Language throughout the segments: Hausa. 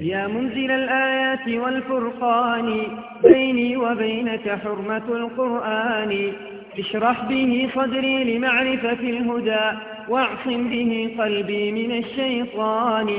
يا منزل الآيات والفرقان بيني وبينك حرمة القرآن اشرح به صدري لمعرفة الهدى واعصم به قلبي من الشيطان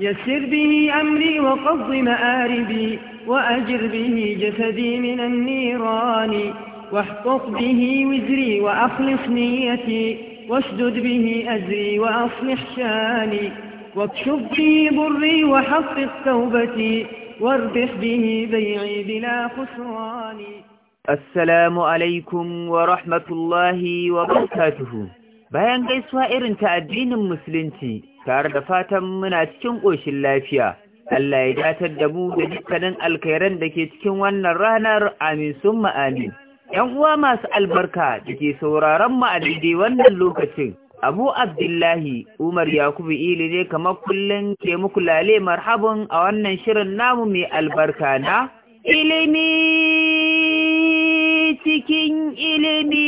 يسر به أمري وقض مآربي وأجر به جسدي من النيران واحقق به وزري وأخلص نيتي واشدد به أزري وأصلح شاني واكشف بي بري وحقق توبتي واربح به بيعي بلا خسران السلام عليكم ورحمة الله وبركاته bayan gaisuwa irin ta addinin musulunci tare da fatan muna cikin ƙoshin lafiya Allah ya datar da mu da dukkanin alkhairan da ke cikin wannan ranar amin summa amin ‘yan uwa masu albarka da ke sauraron mu a wannan lokacin abu abdullahi umar yakubu ili ne kamar kullum ke muku lale a wannan shirin namu mai albarka na ilimi cikin ilimi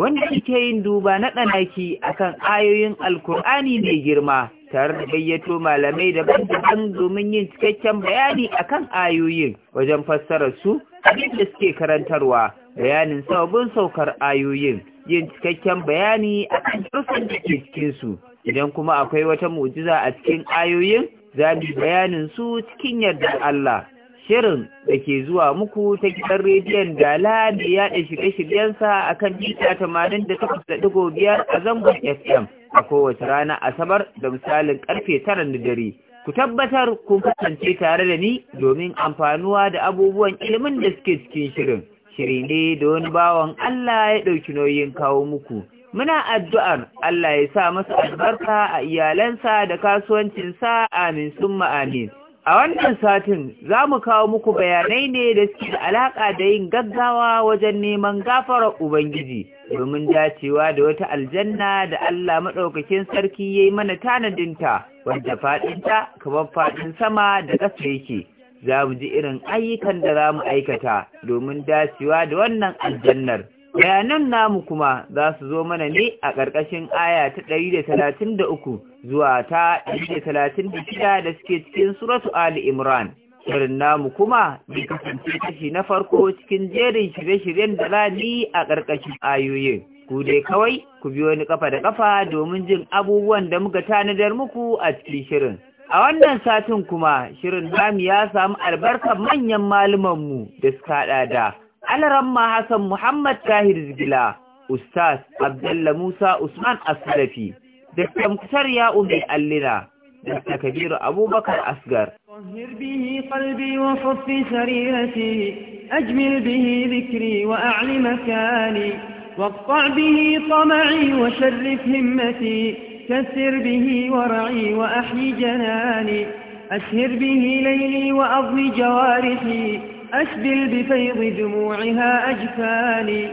wanda ke yin duba na ɗanaki akan ayoyin alkur'ani mai girma tare da bayyato malamai daban-daban domin yin cikakken bayani akan ayoyin wajen fassararsu su abin da suke karantarwa bayanin sababbin saukar ayoyin yin cikakken bayani a kan rufin da ke cikinsu idan kuma akwai wata mu'jiza a cikin ayoyin za mu bayanin su cikin yarda Allah shirin da ke zuwa muku ta gidan rediyon dala da yaɗa shirye-shiryensa a kan mita tamanin a zangon fm a kowace rana asabar da misalin karfe tara na dare ku tabbatar kun kasance tare da ni domin amfanuwa da abubuwan ilimin da suke cikin shirin shiri ne da wani bawan Allah ya ɗauki nauyin kawo muku muna addu'ar Allah ya sa masu albarka a iyalansa da kasuwancinsa amin summa amin a wannan satin za mu kawo muku bayanai ne da suke da alaƙa da yin gaggawa wajen neman gafarar Ubangiji domin dacewa da wata aljanna da Allah maɗaukakin sarki ya yi mana tanadinta wanda faɗinta kamar faɗin sama da ƙasa yake za mu ji irin ayyukan da za mu aikata domin dacewa da wannan aljannar bayanan namu kuma za su zo mana ne a ƙarƙashin aya ta ɗari da talatin da uku zuwa ta ɗari da talatin da shida da suke cikin suratu Ali Imran. Shirin namu kuma bai kasance kashi na farko cikin jerin shirye-shiryen da rani a ƙarƙashin ayoyin. Ku dai kawai ku biyo ni ƙafa da ƙafa domin jin abubuwan da muka tanadar muku a cikin shirin. A wannan satin kuma shirin namu ya samu albarkar manyan malumanmu da suka haɗa da Alaramma Hassan Muhammad Tahir Zigila, Ustaz Abdalla Musa Usman Asalafi, da tamkar ya ume allina, da Kabiru Abubakar Asgar. طهر به قلبي وحط سريرتي أجمل به ذكري وأعلي مكاني واقطع به طمعي وشرف همتي كثر به ورعي وأحيي جناني أسهر به ليلي وأضوي جوارحي أسبل بفيض دموعها أجفاني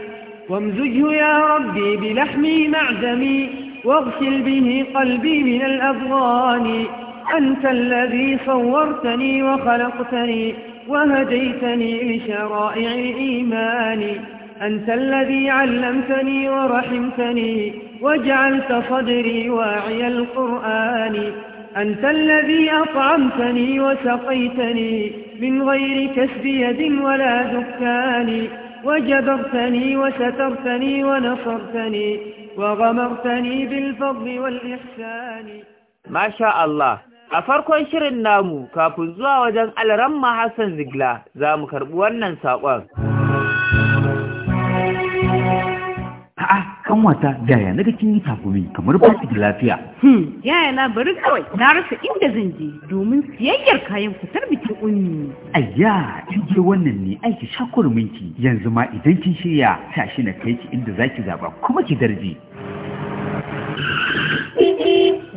وامزجه يا ربي بلحمي معدمي واغسل به قلبي من الأضغان أنت الذي صورتني وخلقتني وهديتني لشرائع الإيمان أنت الذي علمتني ورحمتني وجعلت صدري واعي القرآن أنت الذي أطعمتني وسقيتني من غير كسب يد ولا دكان وجبرتني وسترتني ونصرتني وغمرتني بالفضل والإحسان ما شاء الله أفركم شرنا مو كافوا وجن ألرم حسن زقلا زامكر بوانا ساقوان a'a kan wata da ya naga kin yi takumi kamar ba ki lafiya hmm yaya na bari kawai na rasa inda zan je domin siyayyar kayan fitar bikin unni ayya in je wannan ne aiki shakur sha yanzu ma idan kin shirya tashi na kai ki inda zaki zaba kuma ki darje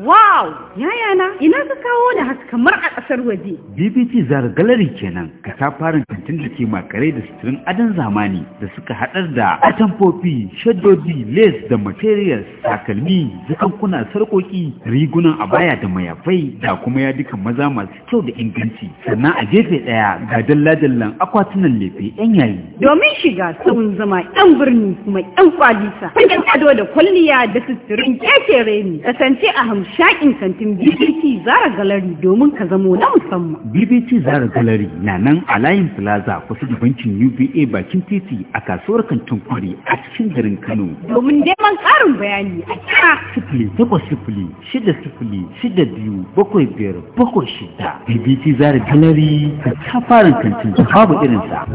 Wow! Yaya na, ina ka kawo da haka kamar a ƙasar waje. BBC Zara galari kenan, ka kantin da ke makare da suturin adon zamani da suka haɗar da atamfofi, shaddodi, les da materials, takalmi, zakankuna, sarƙoƙi, rigunan abaya da mayafai da kuma ya dukan maza masu kyau da inganci. Sannan a gefe ɗaya ga dalla-dallan akwatunan lefe 'yan yayi. Domin shiga sun zama 'yan birni kuma 'yan kwalisa. Fagen ado da kwalliya da suturin kekere ne. Kasance sai a hamshakin kantin BBT Zara Gallery domin ka zamo na musamman. BBT Zara Gallery na nan a layin Plaza kusa da bankin UBA bakin titi a kasuwar kantin kwari a cikin garin Kano. Domin neman karin bayani a kira. Sifili takwas sifili shida sifili shida biyu bakwai biyar bakwai shida. BBT Zara Gallery ka ta fara kantin babu irinsa.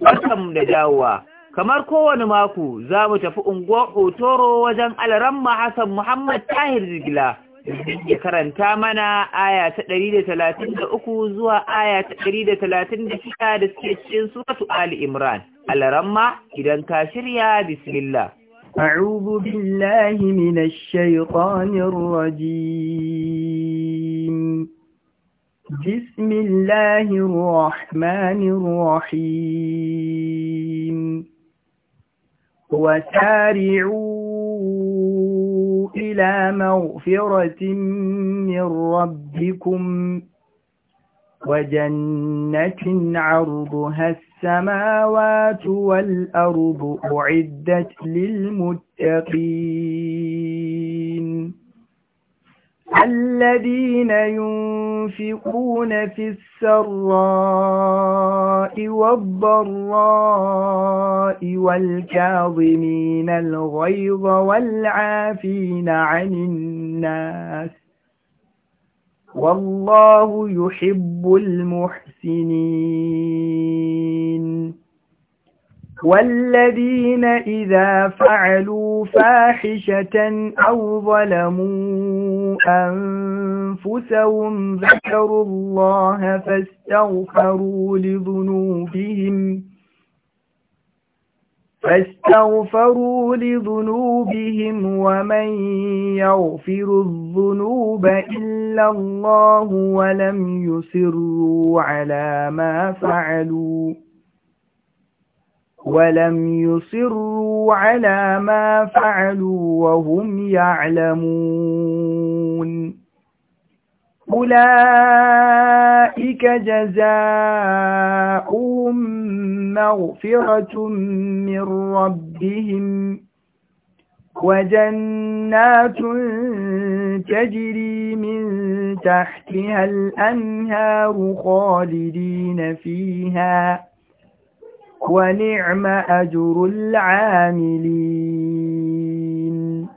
Barkanmu da dawowa. kamar kowane mako za mu tafi unguwar otoro wajen alaramma hassan muhammad tahir jigila ya karanta mana aya ta uku zuwa aya ta 136 da suke cikin suratu ali imran alaramma idan ka shirya bismillah أعوذ بالله من الشيطان الرجيم بسم الله الرحمن الرحيم وسارعوا إلى مغفرة من ربكم وجنة عرضها السماوات والأرض أعدت للمتقين الذين ينفقون في السراء والضراء والكاظمين الغيظ والعافين عن الناس والله يحب المحسنين والذين إذا فعلوا فاحشة أو ظلموا أنفسهم ذكروا الله فاستغفروا لذنوبهم فاستغفروا لذنوبهم ومن يغفر الذنوب إلا الله ولم يصروا على ما فعلوا ولم يصروا على ما فعلوا وهم يعلمون أولئك جزاؤهم مغفرة من ربهم وجنات تجري من تحتها الأنهار خالدين فيها ونعم أجر العاملين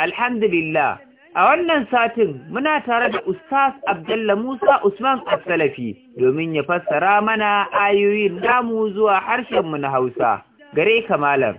الحمد لله a wannan satin muna tare da Ustaz Abdullah Musa Usman Asalafi domin ya fassara mana ayoyin namu zuwa harshenmu na Hausa. Gare ka malam.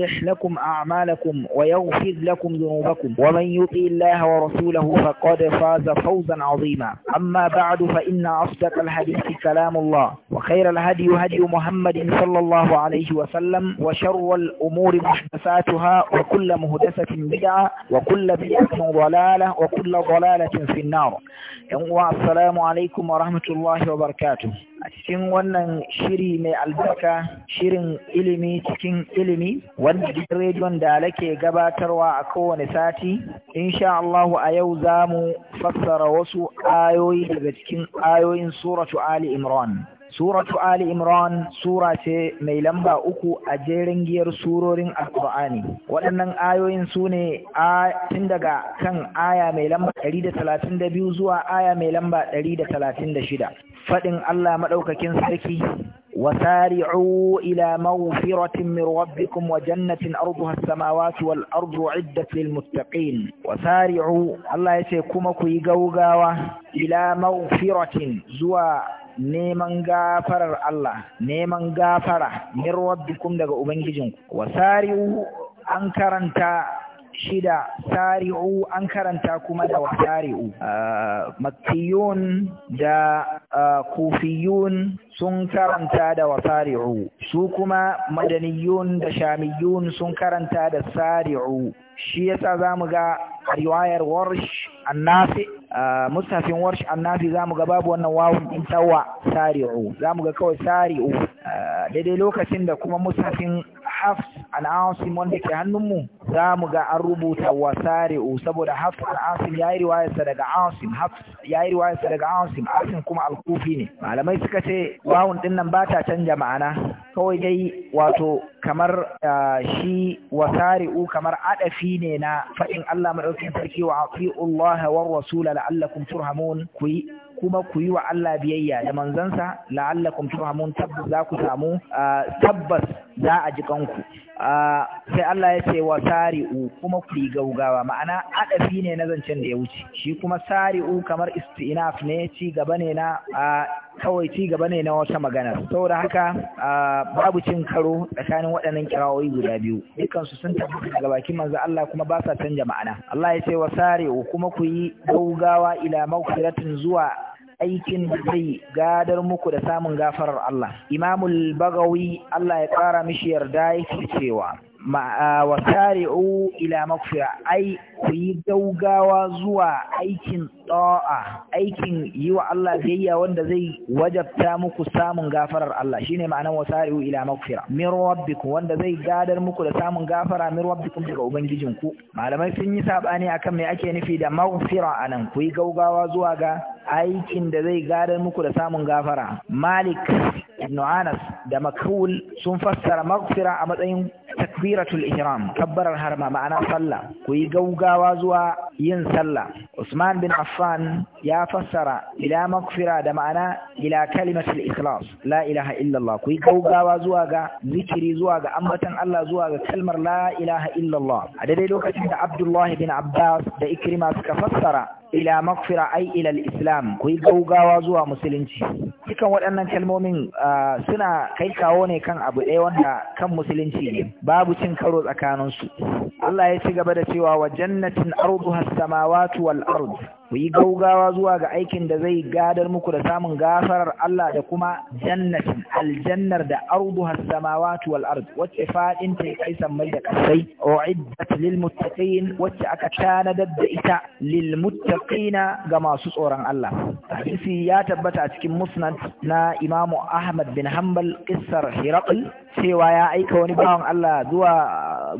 يصلح لكم أعمالكم ويغفر لكم ذنوبكم ومن يطيع الله ورسوله فقد فاز فوزا عظيما أما بعد فإن أصدق الحديث كلام الله وخير الهدي هدي محمد صلى الله عليه وسلم وشر الأمور محدثاتها وكل مهدثة بدعة وكل بدعة ضلالة وكل ضلالة في النار السلام عليكم ورحمة الله وبركاته a cikin wannan shiri mai albarka shirin ilimi cikin ilimi wanda duk rediyon da lake gabatarwa a kowane sati insha Allah a yau za mu fassara wasu ayoyi daga cikin ayoyin suratu Ali Imran Suratu Ali Imran sura ce mai lamba uku a jerin giyar surorin qurani Waɗannan ayoyin su ne tun daga kan aya mai lamba ɗari da da talatin biyu zuwa aya mai lamba ɗari da da talatin shida. Faɗin Allah maɗaukakin sarki وسارعوا إلى مغفرة من ربكم وجنة أرضها السماوات والأرض عدة للمتقين وسارعوا الله يسيكمك يقوقاوة إلى مغفرة زوا neman gafarar Allah neman gafara mirwar dukkan daga ubangijinku wasari'u an karanta shida sari'u an karanta kuma da wasari'u ah, Makiyun da ah, kufiyun sun karanta da wasari'u su kuma madaniyun da shamiyun sun karanta da sari'u shi yasa za mu ga riwayar warsh annafi mustafin warsh annafi za mu ga babu wannan wawun din tawa sari'u za mu ga kawai sari'u daidai lokacin da kuma mustafin hafs al'asim wanda ke hannunmu za mu ga an rubuta wa sari'u saboda hafs al'asim ya yi riwayarsa daga asim hafs ya yi riwayarsa daga asim asim kuma alkufi ne malamai suka ce wawun din nan ba ta canja ma'ana kawai dai wato kamar shi wa u kamar adafi ne na faɗin Allah madaukakin sarki wa atiullaha wa rasula la'allakum turhamun ku kuma ku yi wa Allah biyayya da manzansa la'allakum turhamun tabbas za ku samu tabbas za a ji kanku sai Allah ya ce wa sari'u kuma ku yi gaugawa ma'ana adafi ne na zancen da ya wuce shi kuma sari'u kamar istinaf ne ci gaba ne na kawai ci gaba ne na wata magana saboda haka babu cin karo tsakanin waɗannan kirawoyi guda biyu dukansu sun tabbata daga bakin manzo Allah kuma ba sa canja ma'ana Allah ya ce wa kuma ku yi gaugawa ila mawqiratin zuwa aikin da zai gadar muku da samun gafarar Allah Imamul Bagawi Allah ya kara mishi yarda yake cewa ma wasari'u ila maghfira ai ku yi gaugawa zuwa aikin ɗa'a aikin yi wa Allah biyayya wanda zai wajabta muku samun gafarar Allah shine ma'anar wasari'u ila maghfira min rabbikum wanda zai gadar muku da samun gafara min rabbikum daga ubangijinku malamai sun yi sabani akan me ake nufi da a anan ku yi gaugawa zuwa ga aikin da zai gadar muku da samun gafara malik ibn anas da makhul sun fassara magfira a matsayin takbiratul ihram kabbarar harma ma'ana sallah ku yi gaugawa gaggawa zuwa yin sallah Usman bin Affan ya fassara ila maghfira da ma'ana ila kalimatul ikhlas la ilaha illallah ku yi gaggawa zuwa ga zikiri zuwa ga ambatan Allah zuwa ga kalmar la ilaha illallah a daidai lokacin da Abdullah bin Abbas da Ikrima suka fassara ila makfira ai ila islam ku yi gaugawa zuwa musulunci dukan waɗannan kalmomin ah, suna kai kawo ne kan abu ɗaya wanda kan musulunci ne babu cin karo tsakaninsu Allah ya ci gaba da cewa wa jannatin arduha samawatu samawati wal ard ku yi gaugawa zuwa ga aikin da zai gadar muku da samun gafarar Allah da kuma jannatin aljannar da arduha samawati wal ard wacce fadin ta kai mai da kasai uiddat lil muttaqin wacce aka tana da ita lil muttaqina ga masu tsoron Allah hadisi ya tabbata a cikin musnad na Imam Ahmad bin Hanbal qissar Hiraql cewa ya aika wani bawan Allah zuwa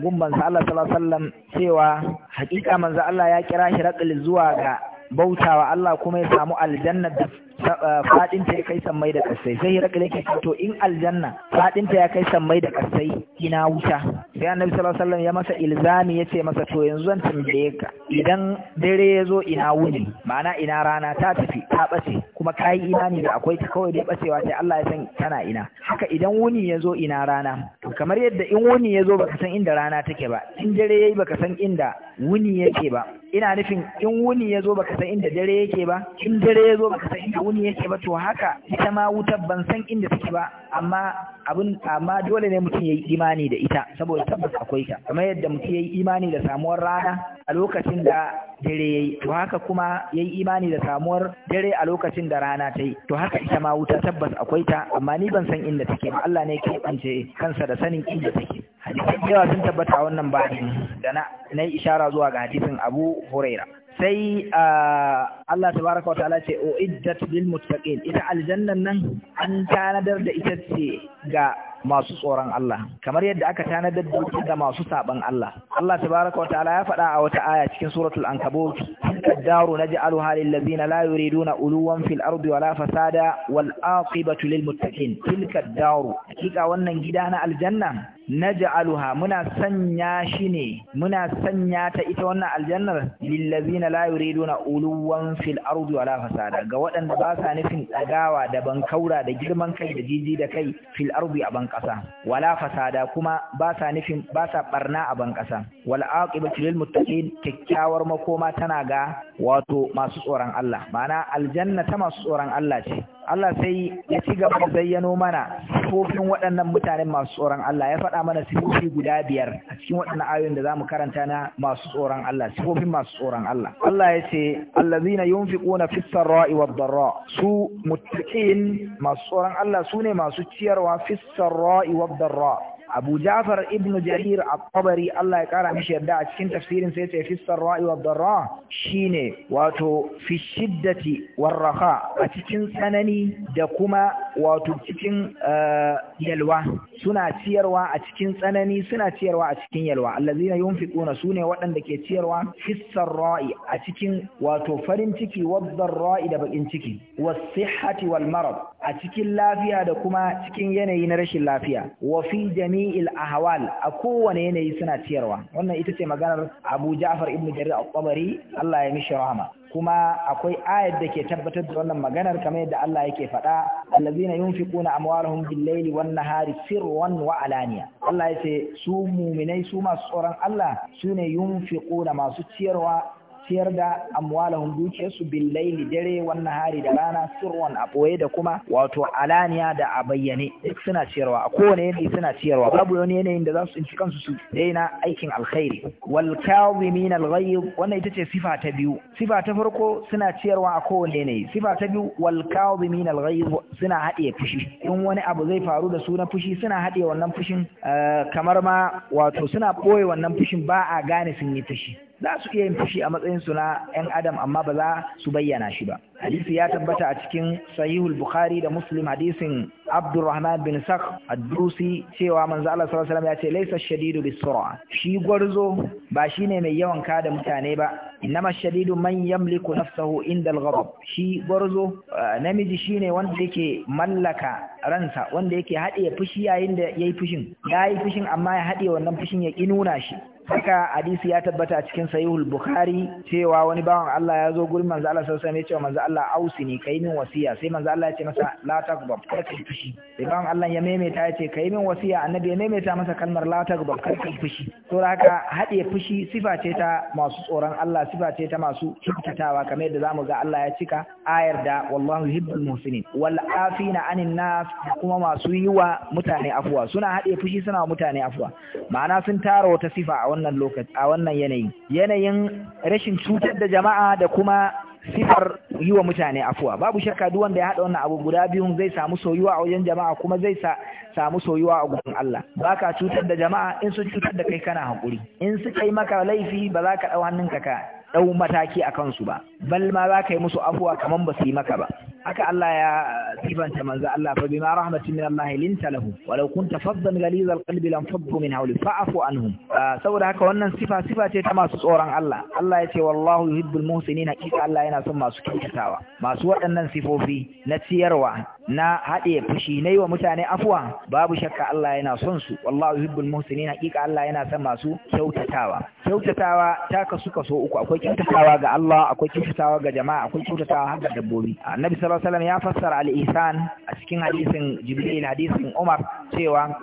gumban sa Allah sallallahu alaihi wasallam cewa hakika manzo Allah ya kira Hiraql zuwa ga bautawa Allah kuma ya samu aljannar da fadinta ah, ya kai sammai da kasai sai hirakil yake to in aljanna fadinta ya kai sammai da kasai ina wuta sai annabi sallallahu alaihi ya masa ilzami ya ce masa to yanzu zan tambaye ka idan dare ya zo ina wuni ma'ana ina rana ta tafi ta bace kuma kai imani da akwai ta kawai dai bacewa sai Allah ya san tana ina haka idan wuni ya zo ina rana to kamar yadda in wuni ya zo baka san inda rana take ba in dare yayi baka san inda wuni yake ba ina nufin in wuni ya zo baka san inda dare yake ba in dare ya zo baka san inda wuni yake ba to haka ita ma wutar ban san inda take ba amma abin amma dole ne mutum yayi imani da ita saboda tabbas akwai ta kamar yadda mutum yayi imani da samuwar rana a lokacin da dare yayi to haka kuma yayi imani da samuwar dare a lokacin da rana ta yi to haka ita ma wuta tabbas akwai ta amma ni ban san inda take ba Allah ne ke bance kansa da sanin inda take hadisi yawa sun tabbata wannan bani da na na ishara zuwa ga hadisin Abu Huraira sai Allah tabaraka wa ta'ala ce o iddat lil muttaqin ita aljannan nan an tanadar da ita ce ga masu tsoron Allah kamar yadda aka tanadar da da masu saban Allah Allah tabaraka wa ta'ala ya faɗa a wata aya cikin suratul ankabut ad-daru naj'aluha lil ladzina la yuriduna uluwan fil ardi wala fasada wal aqibatu lil muttaqin tilka ad-daru kika wannan gida na aljanna naj'aluha muna sanya shi ne muna sanya ta ita wannan aljannar lillazina la yuriduna uluwan fil ardi wala fasada ga waɗanda ba sa nufin tsagawa da bankaura da girman kai da jiji da kai fil ardi a banka ƙasa wala fasada kuma ba sa nufin ba sa barna a ban ƙasa wal aqibatu lil muttaqin kyakkyawar makoma tana ga wato masu tsoron Allah ma'ana aljanna ta masu tsoron Allah ce Allah sai ya ci gaba da zayyano mana sifofin waɗannan mutanen masu tsoron Allah ya faɗa mana sifofi guda biyar a cikin waɗannan ayoyin da zamu karanta na masu tsoron Allah sifofin masu tsoron Allah Allah ya ce allazina yunfiquna fis sarra'i wad darra su muttaqin masu tsoron Allah sune masu ciyarwa fis sarra'i wad darra Abu Jafar ibn Jarir al-Tabari Allah ya kara mishi yadda a cikin tafsirin sai ce fissar ra'i wa darra shine wato fi shiddati war raha a cikin tsanani da kuma wato cikin eh, yalwa suna ciyarwa a cikin tsanani suna ciyarwa a cikin yalwa allazina yunfiquna sune waɗanda ke ciyarwa fissar ra'i a cikin wato farin ciki wa darra'i da bakin ciki was sihhati wal marad a cikin lafiya da kuma cikin yanayi na rashin lafiya wa fi jami jami'il ahwal a kowane yanayi suna ciyarwa wannan ita ce maganar Abu Ja'far ibn Jarir al-Tabari Allah ya mishi rahama kuma akwai ayar da ke tabbatar da wannan maganar kamar yadda Allah yake faɗa allazina yunfiquna amwalahum bil-laili wan-nahari sirran wa alaniya Allah ce su mu'minai su masu tsoron Allah sune yunfiquna masu ciyarwa ciyar da amwalahum dukiyarsu laili dare wannan hari da rana sirwan a boye da kuma wato alaniya da a bayyane suna ciyarwa a kowane yanayi suna ciyarwa babu wani yanayin da za su tsinci kansu su daina aikin alkhairi wal kadhimin al wannan ita ce sifa ta biyu sifa ta farko suna ciyarwa a kowane yanayi sifa ta biyu wal kadhimin al suna haɗiye fushi in wani abu zai faru da su na fushi suna haɗiye wannan fushin eh, kamar ma wato suna ɓoye wannan fushin ba a gane sun yi fushi za su iya yin fushi a matsayin su na ‘yan adam amma ba za su bayyana shi ba. Hadisi ya tabbata a cikin sahihul Bukhari da Muslim hadisin Abdurrahman bin Sak ad-Dusi cewa manzo Allah sallallahu alaihi wasallam ya ce laysa shadidu bis Shi gwarzo ba shine mai yawan kada mutane ba. Innama shadidu man yamliku nafsahu inda al-ghadab. Shi gwarzo eh, namiji shine wanda yake mallaka ransa, wanda yake hade fushi yayin da yayi fushin. Yayi fushin amma ya hade wannan fushin ya ƙi nuna shi. haka hadisi ya tabbata a cikin sahihul bukhari cewa wani bawan Allah ya zo gurin manzo Allah sallallahu alaihi wasallam ya ce manzo Allah ausini kai min wasiya sai manzo Allah ya ce masa la taghab kar ka fushi sai bawan Allah ya maimaita ya ce kai min wasiya annabi ya maimaita masa kalmar la taghab kar ka fushi to haka hade fushi sifa ce ta masu tsoron Allah sifa ce ta masu kyautatawa kamar yadda zamu ga Allah ya cika ayar da wallahu yuhibbul muhsinin wal afina anin nas kuma masu yiwa mutane afwa suna hade fushi suna mutane afwa ma'ana sun tara wata sifa a wannan lokaci a wannan yanayi yanayin rashin cutar da jama'a da kuma sifar yi wa mutane afuwa babu shakka duk wanda ya haɗa wannan abu guda biyun zai samu soyuwa a wajen jama'a kuma zai samu soyuwa a gurin Allah baka cutar da jama'a in sun cutar da kai kana hakuri in suka yi maka laifi ba za ka ɗau hannunka ka ɗau mataki a kansu ba bal ma za ka yi musu afuwa kamar ba su yi maka ba haka Allah ya sifanta manzo Allah fa bima rahmatin min Allah linta lahu walau kunta faddan ghaliz alqalbi lam faddu min hawli fa'fu anhum ah, saboda haka wannan sifa sifa ce ta masu tsoron Allah Allah ya ce wallahu yuhibbul muhsinin hakika Allah yana son masu kyautatawa masu waɗannan sifofi na ciyarwa na haɗe fushi na yi wa mutane afuwa babu shakka Allah yana son su wallahu yuhibbul muhsinin hakika Allah yana son masu kyautatawa kyautatawa ta kasu kaso uku akwai kyautatawa ga Allah akwai kyautatawa ga jama'a akwai kyautatawa har ga dabbobi annabi sallallahu alaihi wasallam ya fassara al-ihsan a cikin hadisin jibril hadisin umar cewa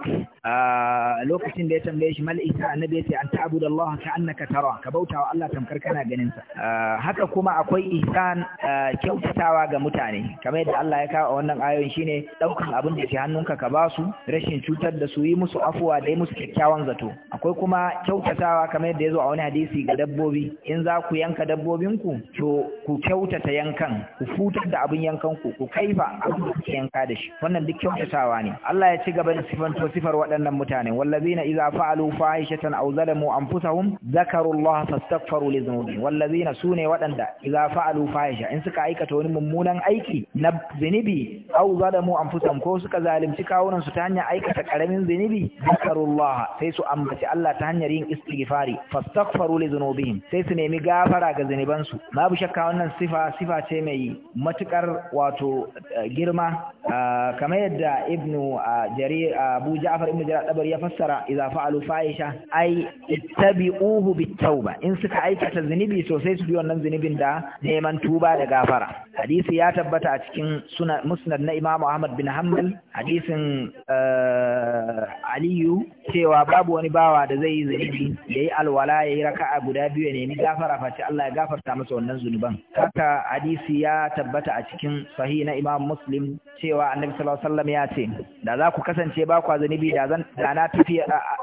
Ah, lokacin da ya tambaye shi mal isa annabi yace an ta'budu Allah ka annaka tara ka bauta wa Allah tamkar kana ganin sa ah, haka kuma akwai ihsan ah, kyautatawa ga mutane kamar yadda Allah ya kawo wannan ayoyin shine daukan abin da ke hannunka ka basu rashin cutar da su yi musu afuwa da yi musu kyakkyawan zato akwai kuma kyautatawa kamar yadda ya zo a wani hadisi ga dabbobi in za ku yanka dabbobinku to ku kyautata yankan ku futar da abin yankan ku ku kaifa abin da yanka da shi wannan duk kyautatawa ne Allah ya ci gaba da sifanto sifar waɗannan mutane wallazina idza fa'alu fahishatan aw zalamu anfusahum zakaru Allah fastaghfaru li dhunubihim wallazina sune waɗanda idza fa'alu fahisha in suka aikata wani mummunan aiki na zinubi aw zalamu anfusahum ko suka zalunci kawunan su ta hanyar aikata karamin zinubi zakaru sai su ambaci Allah ta hanyar yin istighfari fastaghfaru li dhunubihim sai su nemi gafara ga zinuban su babu shakka wannan sifa sifa ce mai matukar wato eh, girma ah, kamar yadda ibnu ah, jarir ah, Abu Ja'far ibn ibnu jarir dabar ya fassara idza fa'alu faisha ai ittabi'uhu bit-tauba in suka aikata zunubi sosai su bi wannan zunubin da neman tuba da gafara hadisi ya tabbata a cikin sunan musnad na imam ahmad bin hanbal hadisin eh, aliyu cewa babu wani bawa da zai yi zunubi yayi alwala ya yi raka'a guda biyu ya nemi gafara face Allah ya gafarta masa wannan zunuban haka hadisi ya tabbata a cikin sahih na imam muslim cewa annabi sallallahu alaihi wasallam ya ce da za ku kasance ba ku zunubi da zan da na tafi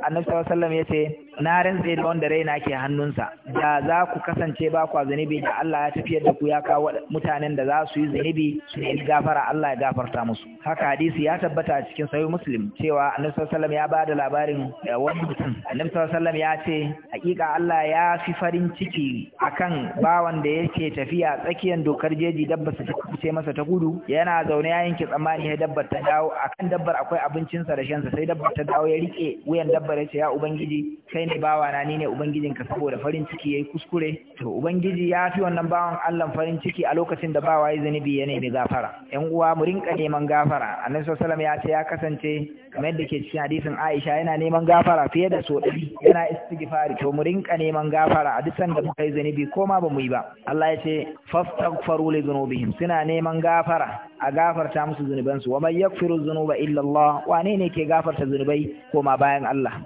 annabi sallallahu alaihi ya ce na rantse da wanda raina ke hannunsa da za ku kasance ba ku zunubi da Allah ya tafiyar da ku ya kawo mutanen da za su yi zunubi su nemi gafara Allah ya gafarta musu haka hadisi ya tabbata cikin sahih muslim cewa annabi sallallahu ya bada labarin eh, wani mutum annabi sallallahu ya ce hakika Allah ya fi farin ciki akan bawan da yake tafiya tsakiyar dokar jeji dabba su ce masa ta gudu yana zaune ya yanke tsammani ya dabbar ta dawo akan dabbar akwai abincinsa da shansa sai dabbar ta dawo ya rike wuyan dabbar ya ce ya ubangiji kai ne bawa na ni ne ubangijin ka saboda farin ciki yayi kuskure to ubangiji ya fi wannan bawan Allah farin ciki a lokacin da bawa ya zanibi ya nemi gafara yan uwa mu rinka neman gafara annabi sallallahu ya ce ya kasance kamar yadda ke cikin hadisin Aisha yana neman gafara fiye da so ɗari yana istighfari to mu rinka neman gafara a duk sanda muka yi zanibi ko ma ba mu yi ba Allah ya ce fastaghfiru li dhunubihim suna neman gafara a gafarta musu zunubansu wa man yaghfiru dhunuba illa wane ne ke gafarta zunubi zunubai koma bayan Allah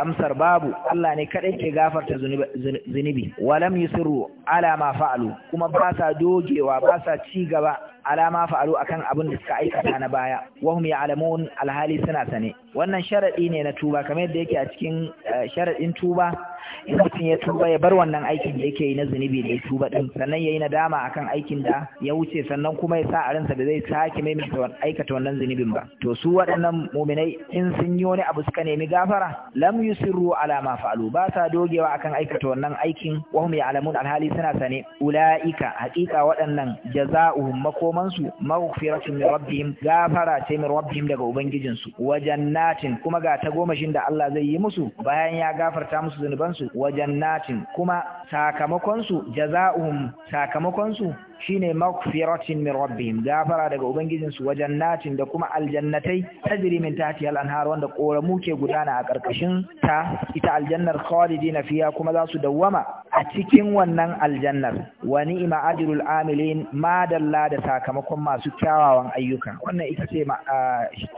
amsar babu Allah ne kadai ke gafarta zunubi walam yusiru ala ma fa'alu kuma ba sa dogewa ba sa ci gaba alama fa'alu akan abin da suka aikata na baya wahum ya'lamun alhali suna sane wannan sharadi ne na tuba kamar yadda yake a cikin eh, sharadin tuba in mutum ya tuba ya bar wannan aikin da yake yi na zunubi da ya tuba din sannan yayi nadama akan aikin da ya wuce sannan kuma ya sa a ransa da zai sake maimaita aikata wannan zunubin ba to su waɗannan muminai in sun yi wani abu suka nemi gafara lam yusirru ala ma fa'alu ba sa dogewa akan aikata wannan aikin wahum ya'lamun alhali suna sane ulaika haqiqa waɗannan jaza'uhum mako makomansu maghfiratun min rabbihim gafara ce min rabbihim daga ubangijinsu wa jannatin kuma ga ta goma shin da Allah zai yi musu bayan ya gafarta musu zunubansu wa jannatin kuma sakamakonsu jaza'uhum sakamakonsu shine magfiratin min rabbihim gafara daga ubangijinsu wajen natin da kuma aljannatai tajri min tahtiha al-anhar wanda koramu ke gudana a karkashin ta ita aljannar khalidina fiha kuma za su dawwama a cikin wannan aljannar wa ni'ma ajrul amilin ma dalla da sakamakon masu kyawawan ayyuka wannan ita ce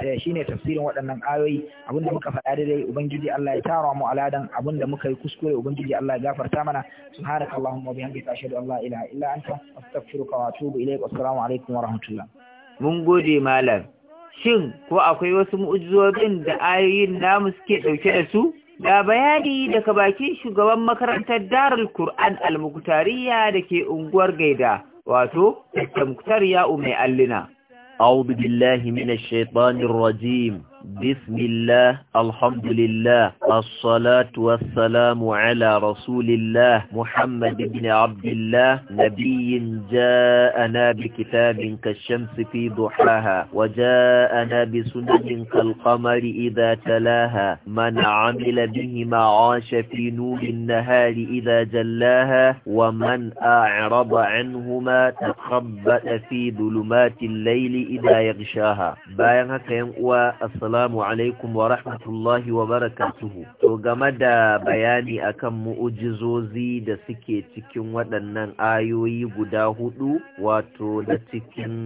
eh, shine tafsirin waɗannan ayoyi abinda muka faɗa daidai ubangiji Allah ya tara mu aladan abinda muka yi kuskure ubangiji Allah ya gafarta mana subhanakallahumma wa bihamdika ashhadu an la ilaha illa anta astaghfiruka wa assalamu alaikum wa rahmatullah mun gode malam shin ko akwai wasu mu'ujizozin da ayoyin namu suke ɗauke da su da bayani daga bakin shugaban makarantar Darul Qur'an Al-Muqtariya dake unguwar Gaida wato Al-Muqtariya Umai Allina أعوذ بالله من الشيطان بسم الله الحمد لله الصلاة والسلام على رسول الله محمد بن عبد الله نبي جاءنا بكتاب كالشمس في ضحاها وجاءنا بسنن كالقمر إذا تلاها من عمل بهما عاش في نور النهار إذا جلاها ومن أعرض عنهما تخبأ في ظلمات الليل إذا يغشاها باينها هكا ينقوى الصلاة assalamu alaikum wa rahmatullahi wa barakatuhu to game da bayani akan mu'ujizozi da suke cikin waɗannan ayoyi guda hudu wato da cikin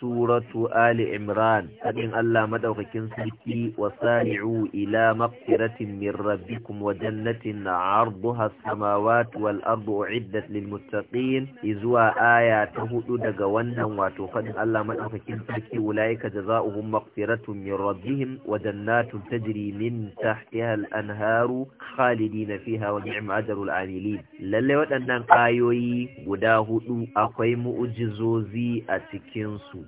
suratu Ali Imran kadin Allah madaukakin sarki wa sari'u ila maqfiratin min rabbikum wa jannatin 'arduha as-samawati wal ardu uiddat lil muttaqin izuwa aya ta hudu daga wannan wato kadin Allah madaukakin sarki ulaika jazaohum maqfiratun min rabbihim wa jannatun tajri min tahtiha al-anharu khalidina fiha wa ni'ma ajrul 'amilin lalle waɗannan ayoyi guda hudu akwai mu'ujizozi a cikinsu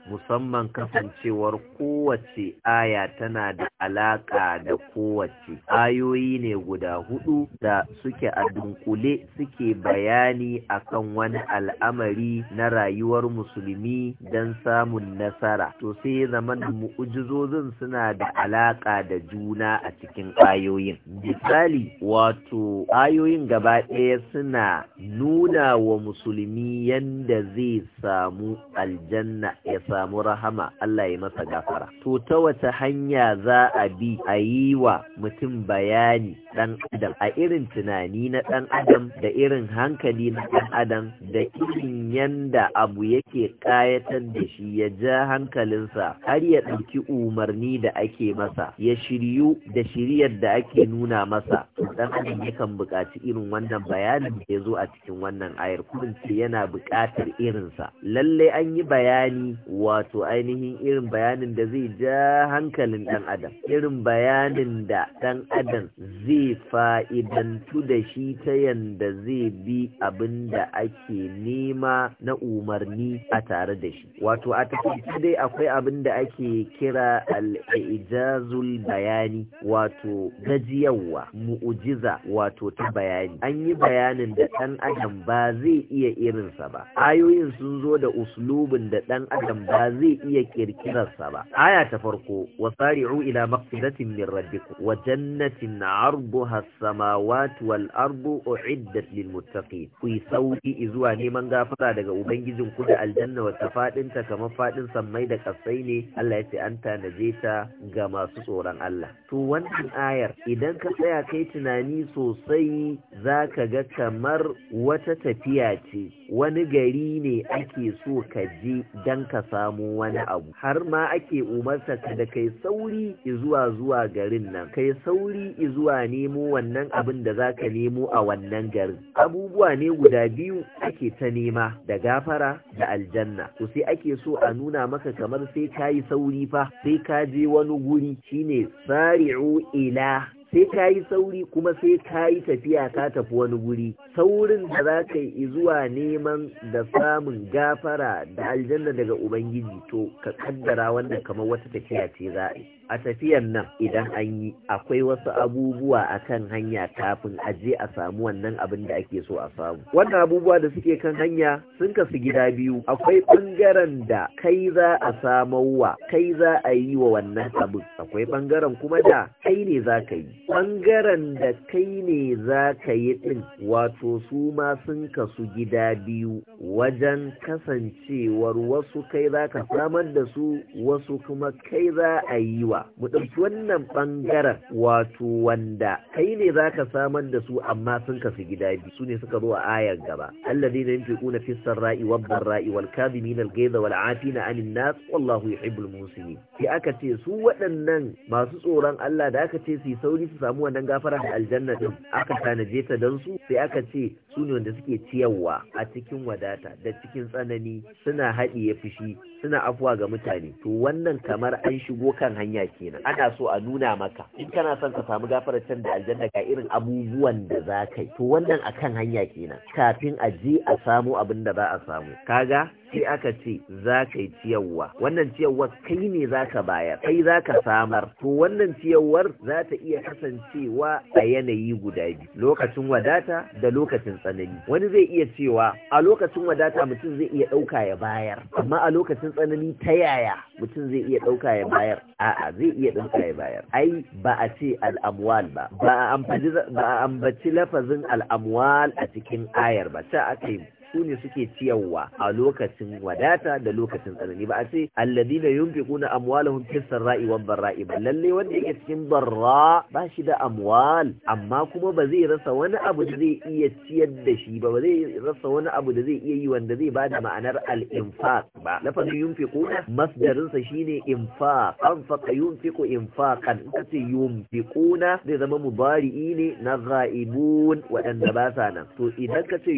musamman kasancewar kowace aya tana da alaƙa da kowace ayoyi ne guda hudu da suke a dunkule suke bayani akan wani al'amari na rayuwar musulmi don samun nasara to sai zaman mu'ujizozin suna da alaƙa da juna a cikin ayoyin misali wato ayoyin gaba ɗaya suna nuna wa musulmi yadda zai samu aljanna ya samu samu rahama Allah ya masa gafara to ta wata hanya za a bi a yi wa mutum bayani dan adam a irin tunani na dan adam da irin hankali na dan adam da irin yanda abu yake kayatar da shi ya ja hankalinsa har ya ɗauki umarni da ake masa ya shiryu da shiryar da ake nuna masa dan adam yakan buƙaci irin wannan bayanin da ya zo a cikin wannan ayar yana buƙatar irinsa lallai an yi bayani wato ainihin irin bayanin da zai ja hankalin ɗan adam irin bayanin da ɗan adam zai fa'idantu da shi ta yanda zai bi abin da ake nema na umarni a tare da shi wato a tafiye dai akwai abin da ake kira al'ijazul bayani wato gajiyarwa mu'ujiza wato ta bayani an yi bayanin da ɗan adam ba zai iya irinsa ba ayoyin sun zo da uslubin da ɗan adam ba zai iya kirkirarsa ba aya ta farko wa ila maqfidatin min rabbikum wa jannatin 'arduha as-samawati wal ardu u'iddat lil muttaqin ku sauki zuwa neman gafara daga ubangijin ku da aljanna wa tafadin ta kamar fadin sammai da kasai ne Allah ya ce an tanaje ta ga masu tsoron Allah to wannan ayar idan ka tsaya kai tunani sosai zaka ga kamar wata tafiya ce wani gari ne ake so ka je don ka samu wani abu har ma ake umarta ka da kai sauri izuwa zuwa garin nan kai sauri zuwa nemo wannan abin da za ka nemo a wannan garin abubuwa ne guda biyu ake ta nema da gafara da aljanna to sai ake so a nuna maka kamar sai ka yi sauri fa sai ka je wani guri shine sari'u ila sai ka yi sauri kuma sai ka yi tafiya ka tafi wani guri saurin da za ka yi zuwa neman da samun gafara da aljanna daga ubangiji to ka kaddara wannan kamar wata tafiya ce za a yi a tafiyan nan idan an yi akwai wasu abubuwa a kan hanya kafin a je a samu wannan abin da ake so a samu wannan abubuwa da suke kan hanya sun kasu gida biyu akwai ɓangaren da kai za a samarwa kai za a yi wa wannan abin akwai ɓangaren kuma da kai ne za ka yi ɓangaren da kai ne za ka yi ɗin wato su ma sun kasu gida biyu wajen kasancewar wasu kai za ka samar da su wasu kuma kai za a yi wa mu ɗauki wannan ɓangaren wato wanda kai ne za ka samar da su amma sun kasu gida biyu su ne suka zo a ayar gaba zai na yin fiƙuna fissar ra'i wa ra'i wal kazimin al gaiza wal afina anin nas wallahu yuhibbul muslimin sai aka ce su waɗannan masu tsoron Allah da aka ce su yi sauri su samu wannan gafara da aljanna din aka tanaje ta dan su sai aka ce su ne wanda suke ciyarwa a cikin wadata da cikin tsanani suna haɗiye fushi suna afuwa ga mutane to wannan kamar an shigo kan hanya kenan ana so a nuna maka in kana son ka samu gafarar can da aljanna ga irin abubuwan da za ka yi to wannan akan hanya kenan kafin a je a samu abin da za a samu kaga sai aka ce za ka yi ciyarwa wannan ciyarwar kai ne za ka bayar kai za ka samar to wannan ciyarwar za ta iya kasancewa a yanayi guda biyu lokacin wadata da lokacin tsanani wani zai iya cewa a lokacin wadata mutum zai iya ɗauka ya bayar amma a lokacin tsanani ta yaya mutum zai iya ɗauka ya bayar a'a zai iya ɗauka ya bayar ai ba a ce al'amwal ba ba a ambaci lafazin al'amwal a cikin ayar ba ta aka yi su ne suke ciyarwa a lokacin wadata da lokacin tsanani ba a ce alladina yunfiquna amwalahum fis sarra'i wad barra'i ba lalle wanda yake cikin barra ba shi da amwal amma kuma ba zai rasa wani abu da zai iya ciyar da shi ba ba zai rasa wani abu da zai iya yi wanda zai bada ma'anar al-infaq ba lafazin yunfiquna masdarin sa shine infaq anfaqa yunfiqu infaqan kace yunfiquna zai zama mubari'i ne na ghaibun waɗanda ba sa nan to idan kace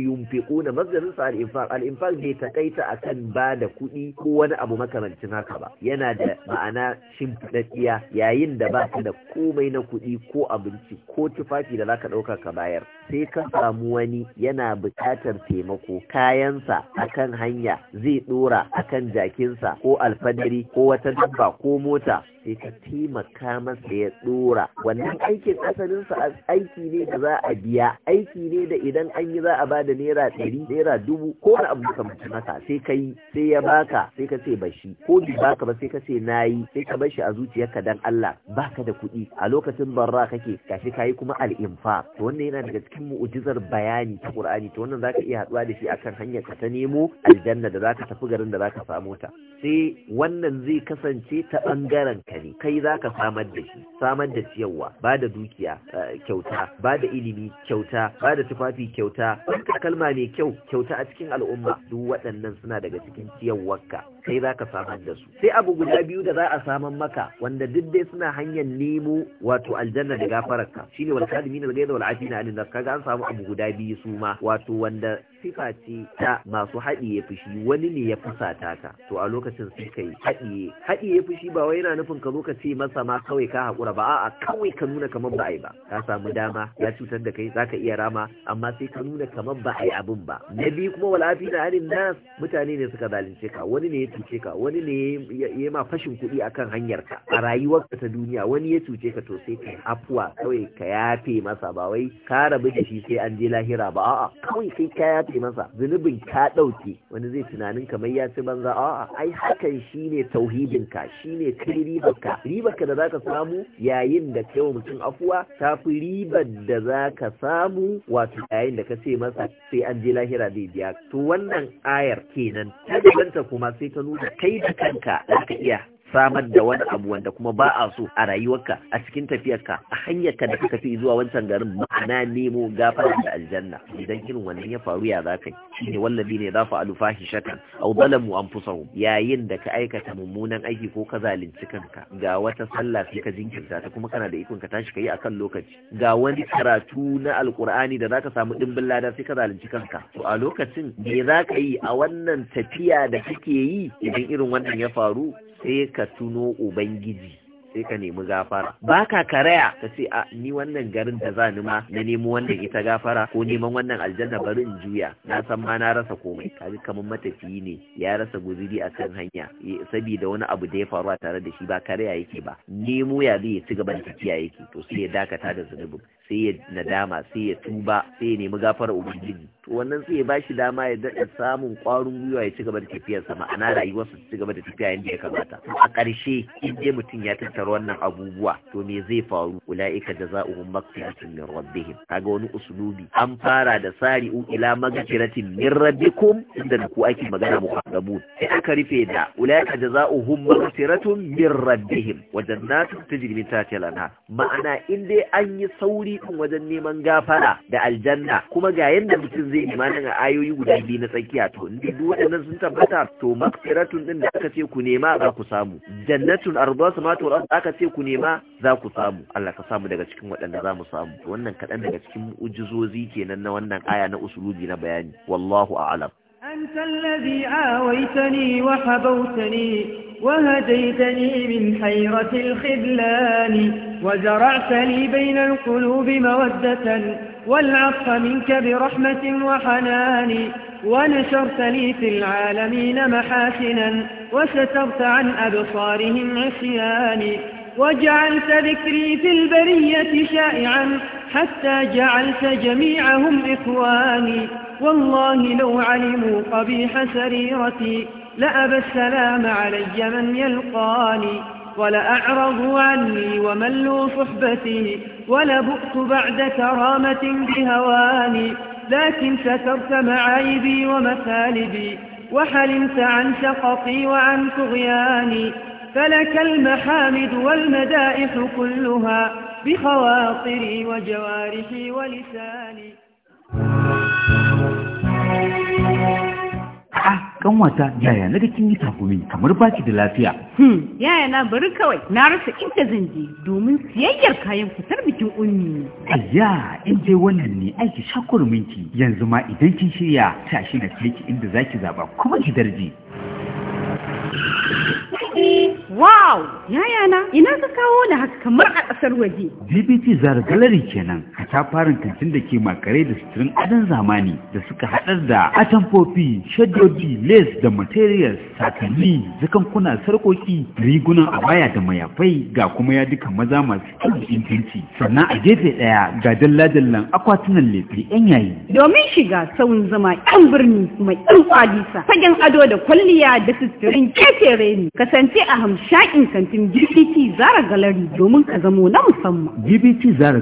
kuna masdarin ma'anarsa al-infaq al-infaq bai takaita akan ba da kuɗi ko wani abu makamancin haka ba yana da ma'ana shimfiɗaɗɗiya yayin da ba ka da komai na kuɗi ko abinci ko tufafi da zaka ɗauka ka bayar sai ka samu wani yana buƙatar taimako kayansa akan hanya zai ɗora akan jakinsa ko alfadari ko wata dabba ko mota sai ka taimaka masa ya ɗora wannan aikin asalinsa aiki ne da za a biya aiki ne da idan an yi za a ba da naira ɗari naira naira dubu ko wani abu mace masa sai ka yi sai ya baka sai ka ce bashi ko bai baka ba sai ka ce na yi, sai ka bashi a zuciyarka dan Allah baka da kuɗi a lokacin barra kake ka yi kuma al'imfa. to wannan yana daga cikin mu'ujizar bayani ta Qur'ani to wannan zaka iya haɗuwa da shi akan hanyar ka ta nemo aljanna da zaka tafi garin da zaka samu ta sai wannan zai kasance ta bangaren ka ne kai zaka samar da shi samar da ciyawa ba da dukiya eh, kyauta ba da ilimi kyauta ba da tufafi kyauta kalma mai kyau kyau kyauta a cikin al'umma duk waɗannan suna daga cikin ciyarwarka kai za ka samar da su sai abu guda biyu da za a samar maka wanda duk dai suna hanyar nemo wato aljanna da gafararka shine wal kadimin al ghayza wal afina an an samu abu guda biyu su ma wato wanda sifa ce ta masu haɗiye fushi wani ne ya fusata ka to a lokacin sai kai haɗiye haɗiye fushi ba wai yana nufin ka zo ka ce masa ma kawai ka haƙura ba a'a kawai ka nuna kamar ba a ba ka samu dama ya cutar da kai zaka iya rama amma sai ka nuna kamar ba a yi abin ba na biyu kuma wal na anin nas mutane ne suka zalunce ka wani ne ya cuce ka wani ne ya ma fashin kuɗi akan hanyar ka a rayuwarka ta duniya wani ya cuce ka to sai kai afuwa kawai ka yafe masa ba wai ka rabu da shi sai an je lahira ba a'a kawai sai ka yafe ce masa zunubin ka ɗauke wani zai tunanin kamar ya ce banza a'a ai hakan shine tauhidin ka shine kai ribarka ribarka da zaka samu yayin da kai wa mutum afuwa tafi fi ribar da zaka samu wato yayin da ka ce masa sai an je lahira zai biya to wannan ayar kenan ta ganta kuma sai ta nuna kai da kanka zaka iya samar da wani abu wanda kuma ba a so a rayuwarka a cikin tafiyarka a hanyarka da kaka fi zuwa wancan garin ma'ana nemo gafara da aljanna idan irin wannan ya faru ya za kai shine wallabi ne za fa alufahi shakan aw zalamu anfusahum yayin da ka aikata mummunan aiki ko ka zalunci kanka ga wata sallah sai ka jinkirta ta kuma kana da ikon ka tashi kai akan lokaci ga wani karatu na alqur'ani da zaka samu dimbin lada sai ka zalunci kanka to a lokacin me za ka yi a wannan tafiya da kake yi idan irin wannan ya faru sai ka tuno ubangiji sai ka nemi gafara ba ka karaya ka ce a ni wannan garin da za ni ma na nemo wannan ita gafara ko neman wannan aljanna bari in juya na san ma na rasa komai kaga kamar matafiyi ne ya rasa guziri a kan hanya eh, saboda wani abu da ya faru a tare da shi ba karaya yake ba nemo ya zai ci gaba da tafiya yake to sai ya dakata da zunubin sai ya nadama sai ya tuba sai ya nemi gafar ubangiji to wannan sai ya bashi dama ya daɗa samun ƙwarin gwiwa ya ci gaba da tafiyarsa ma'ana rayuwarsa ci gaba da tafiya yadda ya kamata a ƙarshe in dai mutum ya tattara wannan abubuwa to me zai faru ula'ika jazaohum maghfiratun min rabbihim kaga wani usulubi. an fara da u ila maghfiratin min rabbikum inda ku ake magana mu kabu sai aka rufe da ula'ika jazaohum maghfiratun min rabbihim wa jannatun tajri min tahtiha al-anhar ma'ana in dai an yi sauri aikin wajen neman gafara da aljanna kuma ga yadda mutum zai nema nan a ayoyi guda biyu na tsakiya to duk waɗannan sun tabbata to makfiratun din da aka ce ku nema za ku samu jannatun arda samatu da aka ce ku nema za ku samu Allah ka samu daga cikin waɗanda za mu samu wannan kaɗan daga cikin ujizozi kenan na wannan aya na usulubi na bayani wallahu a'lam أنت الذي آويتني وحبوتني وهديتني من حيرة الخذلان وزرعت لي بين القلوب مودة والعطف منك برحمة وحنان ونشرت لي في العالمين محاسنا وسترت عن أبصارهم عصياني وجعلت ذكري في البرية شائعا حتى جعلت جميعهم إخواني والله لو علموا قبيح سريرتي لأبى السلام علي من يلقاني ولأعرضوا عني وملوا صحبتي ولبؤت بعد كرامة بهواني لكن سترت معايبي ومثالبي وحلمت عن سقطي وعن طغياني فلك المحامد والمدائح كلها بخواطري وجوارحي ولساني a'a ƙanwata yaya na kin yi takumi kamar baki da lafiya hmm yaya na bari kawai na rasa inda zan je domin siyayyar kayan fitar bikin ummi ayya in je wannan ne aiki shakurminki yanzu ma idan kin shirya tashi na kai inda zaki zaba kuma ki darje Wow! Yaya na, ina kawo ni haka kamar a ƙasar waje. BBT Zara kenan a tafarin kantin da ke makare da suturin adon zamani da suka haɗar da atamfofi, shaddodi, lace da materials, takalmi, zakankuna, sarkoki, rigunan baya da mayafai ga kuma ya duka maza masu kyau da Sannan a gefe ɗaya ga dalla-dallan akwatunan lefe 'yan yayi. Domin shiga sauyin zama 'yan birni mai 'yan kwalisa, fagen ado da kwalliya da suturin kekere ne. Kasance a hamshakin kantin BBT Zara gallery domin ka zamo na musamman gbt zara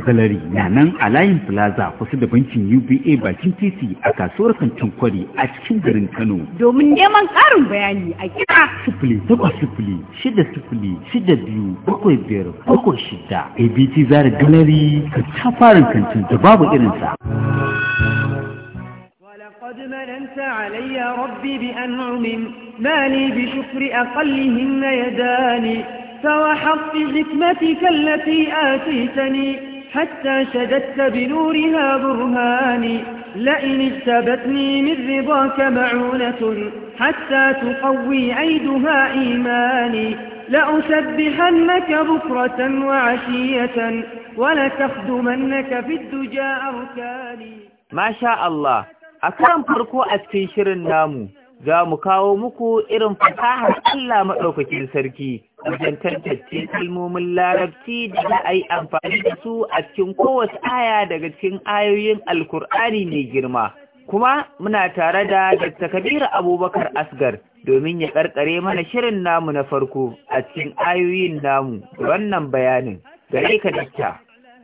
na nan a layin plaza kusa da bankin uba bakin titi a kasuwar kantin kwari a cikin garin kano domin neman ƙarin bayani a kira sifili takwas sifili shida sifili shida biyu bakwai biyar bakwai shida gbt zara ka ta fara kantin da babu irinsa قد مننت علي ربي بأنعم ما لي بشكر أقلهن يداني فوحظت حكمتك التي آتيتني حتى شددت بنورها برهاني لئن اجتبتني من رضاك معونة حتى تقوي عيدها إيماني لأسبحنك بكرة وعشية ولتخدمنك في الدجا أركاني ما شاء الله أكرم فرقو أتكيشر النامو ذا mu إرم فتاحة إلا fasahar Allah wajen tantance larabci da za a yi amfani da su a cikin kowace aya daga cikin ayoyin alkur'ani mai girma kuma muna tare da dr kabiru abubakar asgar domin ya karkare mana shirin namu na farko a cikin ayoyin namu da wannan bayanin gare ka dakta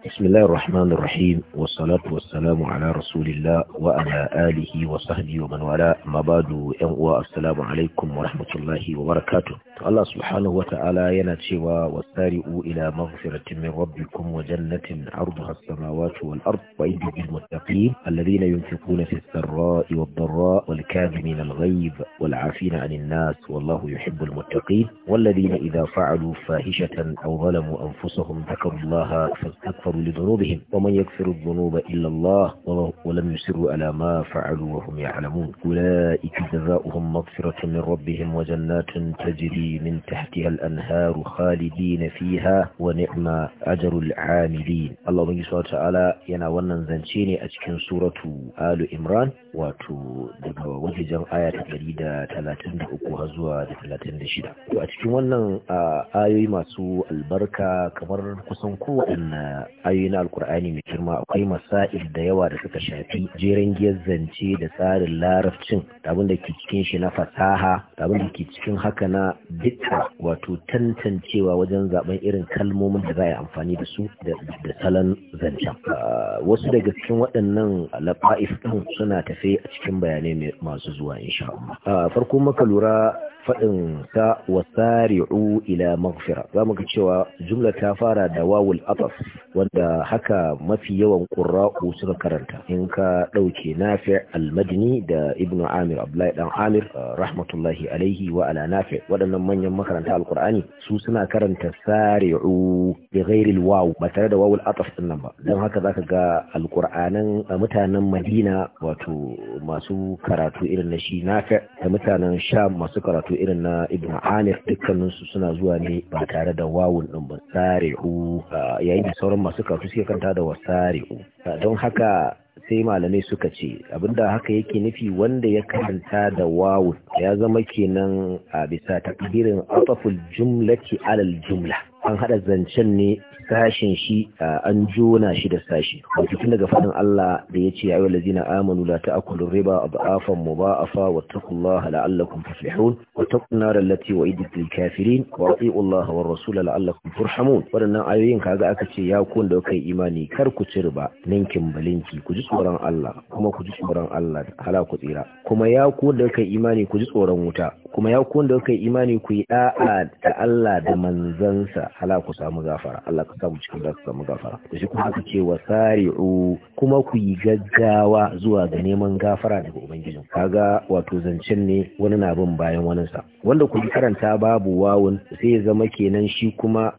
بسم الله الرحمن الرحيم والصلاة والسلام على wa الله وعلى آله وصحبه ومن والاه uwa بعد alaikum wa rahmatullahi wa وبركاته الله سبحانه وتعالى ينتشوا والسارئوا إلى مغفرة من ربكم وجنة عرضها السماوات والأرض وإذن المتقين الذين ينفقون في السراء والضراء والكاذمين الغيب والعافين عن الناس والله يحب المتقين والذين إذا فعلوا فاهشة أو ظلموا أنفسهم ذكروا الله فاستغفروا لذنوبهم ومن يكفر الذنوب إلا الله ولم يسروا على ما فعلوا وهم يعلمون أولئك جزاؤهم مغفرة من ربهم وجنات تجري تجري من تحتها الأنهار خالدين فيها ونعم أجر العاملين الله بني سبحانه وتعالى ينا ونن زنشيني أتكن سورة آل إمران واتو دقوا وجه آية تقريدة 33 هزوة 36 وأتكن ونن آيوي ماسو البركة كمر kusan kowaɗanne ayoyi na alkur'ani mai girma akwai masa'il da yawa da suka shafi jeren giyar zance da tsarin larabcin da da ke cikin shi na fasaha da da ke cikin haka na bita wato tantancewa wajen zaben irin kalmomin da za a yi amfani da su da salon zancen ah, wasu daga cikin waɗannan lafa'if ɗin suna tafe a cikin bayanai masu zuwa insha Allah ah, farko maka lura faɗin sa wasari'u ila maghfira za mu ga cewa jumla ta fara da wawul ataf wanda haka mafi yawan ƙura'u suka karanta in ka ɗauke nafi' al da ibnu amir abdullahi dan amir ah, rahmatullahi alaihi wa ala nafi' waɗannan manyan makaranta alkur'ani su suna karanta sari'u bi ghairil waw ba tare da wawul ataf din nan ba don haka zaka ga alkur'anan mutanen Madina wato masu karatu irin na shi nafi da mutanen Sham masu karatu irin na Ibn Amir dukkanin su suna zuwa ne ba tare da wawul din ba sari'u yayin da sauran masu karatu suke karanta da wasari'u don haka sai malamai suka ce abinda haka yake nufi wanda ya karanta da wawu ya zama kenan a bisa takdirin ataful jumlati alal jumla an haɗa zancen ne sashin shi an jona shi da sashi wato tun daga faɗin Allah da ya ce ya yi lazina amanu la ta'kulu riba a a mu ba adafan mudafa wattaqullaha la'allakum tuflihun wattaqun nar allati wa'idat lil kafirin wa ati'u Allah war rasula la'allakum turhamun wadannan ayoyin kaga aka ce ya kun da kai imani kar ku ci riba ninkin balinki ku ji tsoron Allah kuma ku ji tsoron Allah hala ku tsira kuma ya kun da kai imani ku ji tsoron wuta kuma ya kun da kai imani ku yi da'a da Allah da manzansa Hala ala ku samu gafara Allah ka samu cikin da ku samu gafara to shi kuma aka ce wasari'u kuma ku yi gaggawa zuwa ga neman gafara daga ubangijin kaga wato zancen ne wani na bin bayan wani sa wanda ku karanta babu wawun sai ya zama kenan shi kuma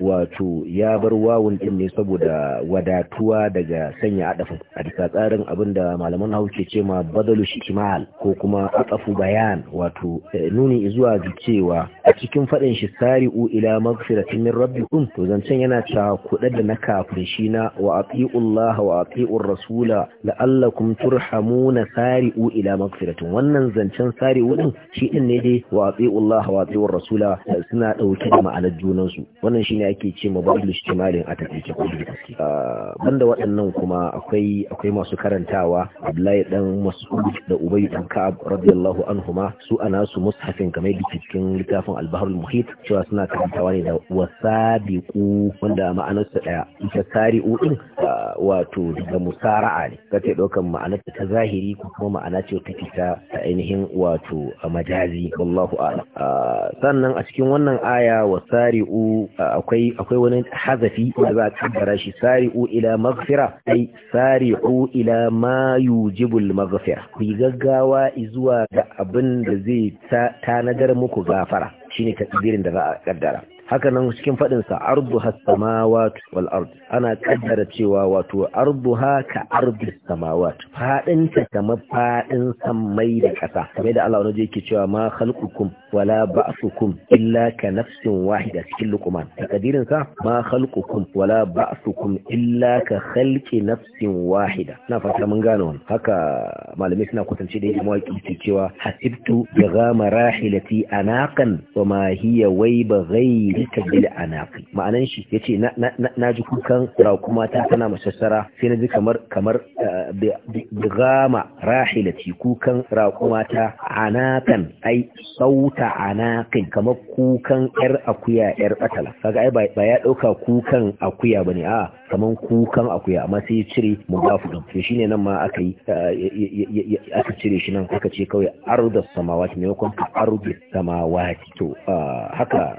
wato ya bar wawun din ne saboda wadatuwa daga sanya adafin a bisa tsarin abin da malaman hau ke ce ma badalu shikimal ko kuma atsafu bayan wato eh, nuni zuwa cewa a cikin faɗin shi sari'u ila magfira موعظة من ربكم وزنشان ينا تاكودد نكا فرشينا وأطيعوا الله وأطيعوا الرسول لعلكم ترحمون سارئوا إلى مغفرة wannan zancen Sari'u din shi din ne dai wa ati'u Allah wa Rasula suna dauke da ma'anar junan su wannan shine ake ce mabadul istimalin a take ko da gaske ah, banda waɗannan kuma akwai akwai masu karantawa Abdullahi dan Mas'ud da Ubay dan Ka'ab radiyallahu anhuma su ana su mushafin kamar cikin littafin al al-Muhit cewa suna karantawa ne da wasabiqu wanda ma'anarsa daya ita sari'u din wato daga musara'a ne kace daukan ma'anarta ta zahiri ko kuma ma'ana ce ta fita ta ainihin wato majazi wallahu a'lam sannan a cikin wannan aya wasari'u akwai akwai wani hazafi da za a kaddara shi sari'u ila maghfira ai sari'u ila ma yujibul maghfira ku gaggawa zuwa ga abin da zai tanadar muku gafara shine takbirin da za a kaddara haka nan cikin faɗinsa arduha samawat wal ard ana kaddara cewa wato ha ka arbu samawat fadinta kamar fadin sammai da ƙasa kamar da Allah wani yake cewa ma khalqukum wala ba'sukum illa ka nafsin wahida cikin luqman takadirin sa ma khalqukum wala ba'sukum illa ka halki nafsin wahida na fata mun gane wannan haka malamai suna kwatance da yake mawaki ke cewa hasibtu bi ghama rahilati anaqan wai ba hiya wayba ghayrika bil anaqi ma'anan shi yace na ji kukan rakuma tana masassara sai na ji kamar kamar bi ghama rahilati kukan rakuma ta anaqan ai sauta saukata kai. kamar kukan yar akuya yar ɓatala kaga ai ba ya ɗauka kukan akuya bane a kamar kukan akuya amma sai ya cire mudafu din to shine nan ma aka yi aka cire shi nan aka ce kawai arda samawati ne ko arda samawati to haka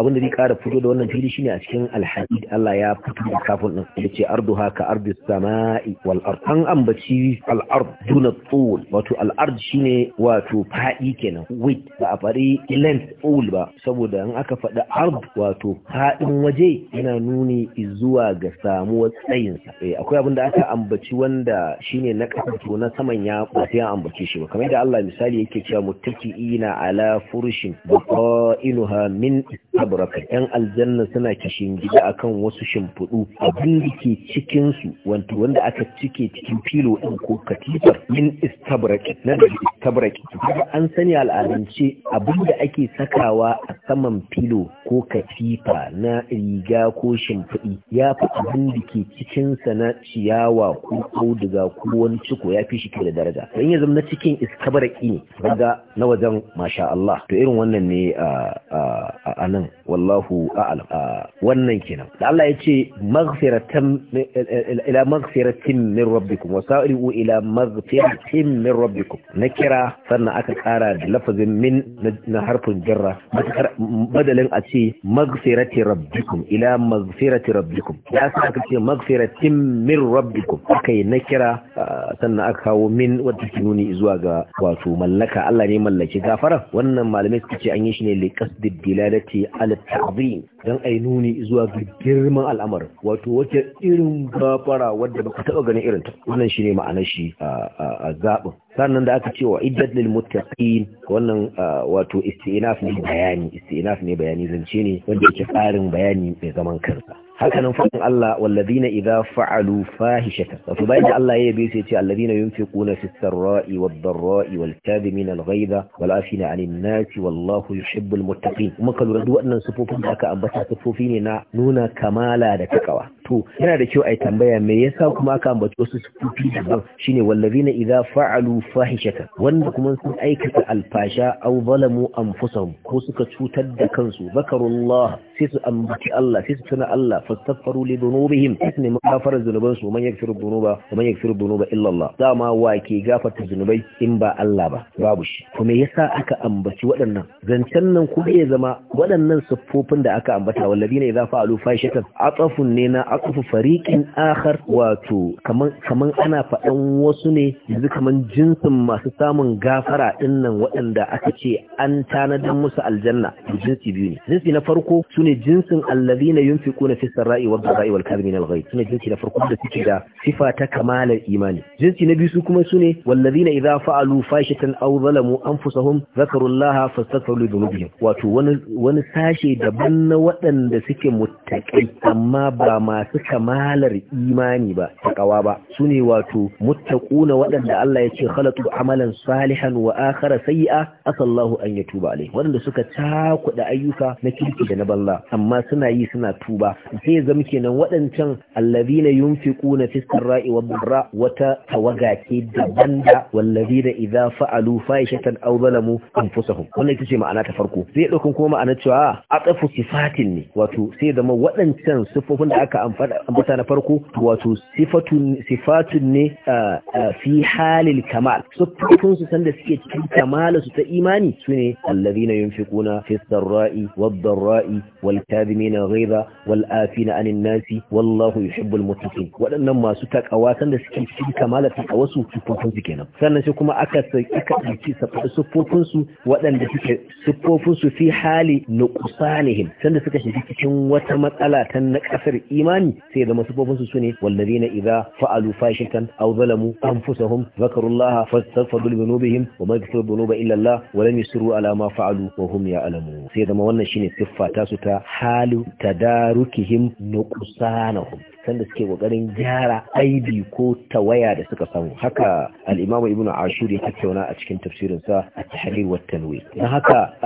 abin da zai kara fito da wannan fili shine a cikin alhadid Allah ya fito da kafin din ce ardu haka ardu samai wal ard an ambaci al ard duna tsohon wato al ard shine wato faɗi kenan wait ba a saurari length all ba saboda in aka faɗi arb wato haɗin waje yana nuni zuwa ga samuwar tsayinsa eh, akwai abin da aka ambaci wanda shine na ƙasa na saman ya ba sai an ambace shi ba kamar da Allah misali yake cewa ina ala furshin baqainuha min tabraka yan aljanna suna kishin gida akan wasu shimfiɗu abin da ke cikin su wato wanda aka cike cikin filo din ko katifar min istabraki na da istabraki an sani al'adance abin da ake sakawa a saman filo ko katifa na riga ko shimfiɗi ya fi abin da ke cikinsa na ciyawa ko auduga ko wani ciko ya fi shi da daraja don ya zama na cikin iskabaraki ne daga na wajen masha Allah to irin wannan ne a nan wallahu a'lam wannan kenan da Allah ya ce maghfiratan ila maghfiratin min rabbikum wa sa'iru ila maghfiratin min rabbikum na kira sannan aka kara da lafazin min na na harfin jarra madalin a ce magfirati rabbikum ila magfirati rabbikum ya sa aka ce magfiratin min rabbikum aka yi na kira sannan aka kawo min wata ke nuni zuwa ga wato mallaka Allah ne mallaki gafara wannan malamai suka ce an yi shi ne li qasdi dilalati ala ta'zim dan ai nuni zuwa ga girman al'amar wato wace irin gafara wadda baka taba ganin irin ta wannan ne ma'anar shi a zaɓin sannan da aka ce wa iddat lil muttaqin wannan wato istinaf ne bayani istinaf ne bayani zance ne wanda yake tsarin bayani mai zaman kansa hakanan fadin Allah walladina idza fa'alu fahishatan wato bayan da Allah ya yabe su yace kuna yunfiquna fis sarra'i wad dharra'i wal kadhimina al ghaiza wal afina 'anil nas wallahu yuhibbul muttaqin kuma ka lura duk waɗannan sufofin da aka ambata sufofi ne na nuna kamala da takawa to yana da kyau ai tambaya me yasa kuma aka ambaci wasu sufofi daban shine walladina idza fa'alu fahishatan wanda kuma sun aikata alfasha aw zalamu anfusahum ko suka cutar da kansu zakarullah sai su ambaci Allah sai su tuna Allah fastaghfiru li dhunubihim ne mukafara zunuban su man yaghfiru dhunuba wa man yaghfiru dhunuba illa Allah dama wa ke gafarta zunubai in ba Allah ba babu shi kuma yasa aka ambaci waɗannan zancen nan kuma ya zama waɗannan siffofin da aka ambata walladina idza fa'alu fahishatan atafun ne na atafu fariqin akhar wato kaman kaman ana faɗan wasu ne yanzu kaman jinsin masu samun gafara din nan waɗanda aka ce an tanadar musu aljanna jinsi biyu ne jinsi na farko sune jinsin alladina yunfiquna fi sarra'i wa dharra'i wal kadhibi al ghayb sune jinsi na farko da suke da sifa ta kamalar imani jinsi na biyu su kuma sune wallazina idza fa'alu fashatan aw zalamu anfusahum zakarullaha fastaghfiru li dhunubihim wato wani wani sashe daban na waɗanda suke muttaqi amma ba masu kamalar imani ba takawa ba sune wato muttaquna waɗanda Allah ya ce khalatu amalan salihan wa akhara sayyi'a asallahu an yatuba alayhi waɗanda suka cakuɗa ayyuka na kirki da na banza, amma suna yi suna tuba sai zama kenan waɗancan allazina yunfiquna fi sarra'i wa dharra wata tawaga ce daban da wallazina idza fa'alu fahishatan aw zalamu anfusahum wannan ita ce ma'ana ta farko sai dokan kuma ma'ana cewa ah, atafu sifatin ne wato sai zama waɗancan sifofin da aka ambata na farko wato sifatun sifatun ne ah, ah, fi halil kamal sifofin su sanda suke cikin kamala su ta imani sune allazina yunfiquna fi sarra'i wa dharra'i wal kadhimina ghayza wal na anin nasi wallahu yuhibbul muttaqin waɗannan masu takawa sanda suke cikin da takawa wasu su kenan sannan sai kuma aka aka dauki sufofin su waɗanda suke sufofin su fi hali nuqsanihim sanda suka shiga cikin wata matsala ta na kasar imani sai zama sufofin su sune wallazina idza fa'alu fashatan aw zalamu anfusahum zakarullaha fastaghfiru li dhunubihim wa ma yaghfiru dhunuba illa Allah wa lam yusiru ala ma fa'alu wa hum ya'lamun sai zama wannan shine siffa ta su ta halu tadarukihim nuqsanahum sanda suke kokarin gyara aibi ko tawaya da suka samu haka al-Imam Ibn Ashur ya tattauna a cikin tafsirin sa at-Tahrir wa tanwir dan haka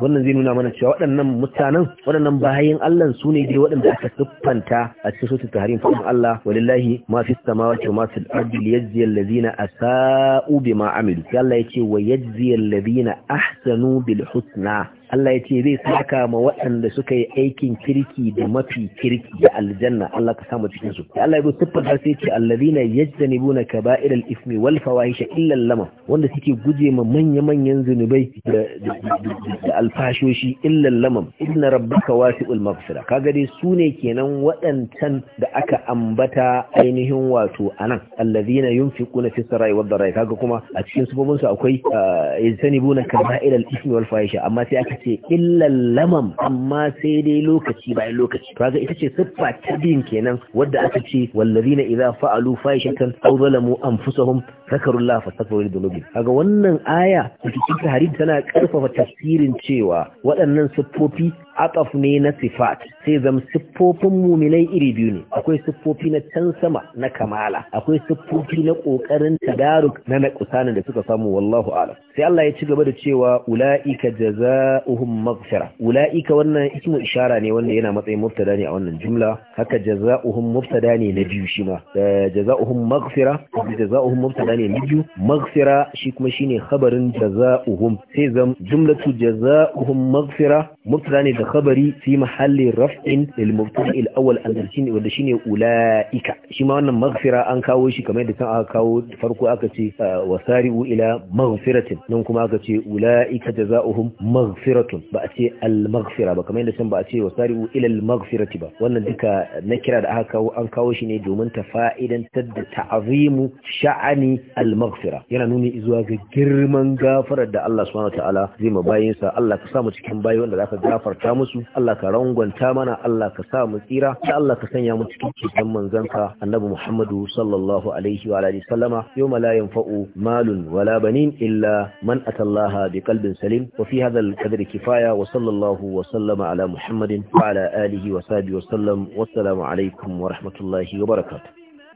wannan zai nuna mana cewa waɗannan mutanen waɗannan bayin Allah su ne dai waɗanda aka siffanta a cikin suratul Tahrim fa Allah walillahi ma fi samawati wa ma fil ardi liyajzi allazina asa'u bima amilu Allah yace wa yajzi allazina ahsanu bil husna Allah ya ce zai saka ma waɗanda suka yi aikin kirki da mafi kirki da aljanna Allah ka samu cikin su Allah ya zo siffar har sai ce allazina yajtanibuna kaba'ir al-ithmi wal fawahisha illa lama wanda suke guje ma manya manyan zunubai da alfashoshi illa lama inna rabbaka wasi'ul maghfira kaga dai sune kenan waɗancan da aka ambata ainihin wato anan allazina yunfiquna fi sarai wad darai kaga kuma a cikin sufofin su akwai ah, yajtanibuna kaba'ir al-ithmi wal fawahisha amma sai ce illan lamam amma sai dai lokaci bayan lokaci kaga ita ce siffa ta biyun kenan wadda aka ce wallazina idza fa'alu fahishatan aw zalamu anfusahum zakarullaha fastaghfiru dhunubihim kaga wannan aya cikin tahrid tana karfafa tafsirin cewa waɗannan siffofi aqaf ne na sifat sai zam siffofin muminai iri biyu ne akwai siffofi na can sama na kamala akwai siffofi na kokarin tadaruk na nakusanin da suka samu wallahu a'lam sai Allah ya ci gaba da cewa ulaika jaza jaza'uhum maghfira ulaika wannan ismu ishara ne wanda yana matsayin mubtada ne a wannan jumla haka jaza'uhum mubtada ne na biyu shi ma jaza'uhum maghfira jaza'uhum mubtada ne na biyu maghfira shi kuma shine khabarin jaza'uhum sai zam jumlatu jaza'uhum maghfira mubtada ne da khabari fi mahalli raf'in lil mubtada al awwal an shine wanda shine ulaika shi ma wannan maghfira an kawo shi kamar da kan aka kawo farko aka ce wasari'u ila maghfiratin nan kuma aka ce ulaika jaza'uhum maghfira maghfiratun ba a ce al-maghfira ba kamar yadda can ba a ce wasari'u ila al-maghfirati ba wannan duka na kira da aka kawo an kawo shi ne domin ta fa'idantar da ta'azimu sha'ani al-maghfira yana nuni zuwa ga girman gafarar da Allah subhanahu ta'ala zai ma bayin sa Allah ka sa mu cikin bayi wanda zaka gafarta musu Allah ka rangwanta mana Allah ka sa mu tsira sai Allah ka sanya mu cikin cikin manzanka annabi Muhammadu sallallahu alaihi wa alihi sallama yawma la yanfa'u malun wala banin illa man atallaha biqalbin salim wa fi hadha al كفاية وصلى الله وسلم على محمد وعلى آله وصحبه وسلم والسلام عليكم ورحمة الله وبركاته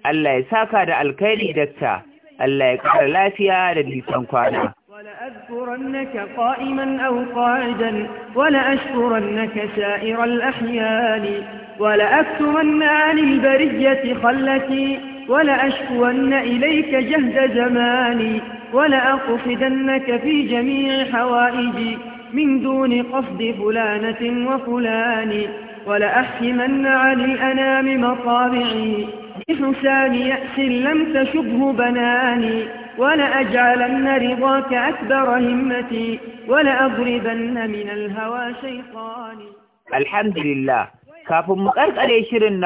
الله يساكى دع الكيلي دكتا ألا يكار لا سيارة لتنقانا ولأذكرنك قائما أو قاعدا ولأشكرنك سائر الأحيان ولأكثرن عن البرية خلتي ولأشكون إليك جهد زماني ولأقفدنك في جميع حوائجي من دون قصد فلانة وفلان ولأحكمن عن الأنام مطابعي بحسان يأس لم تشبه بناني ولأجعلن رضاك أكبر همتي ولأضربن من الهوى شيطاني الحمد لله kafin mu karkare shirin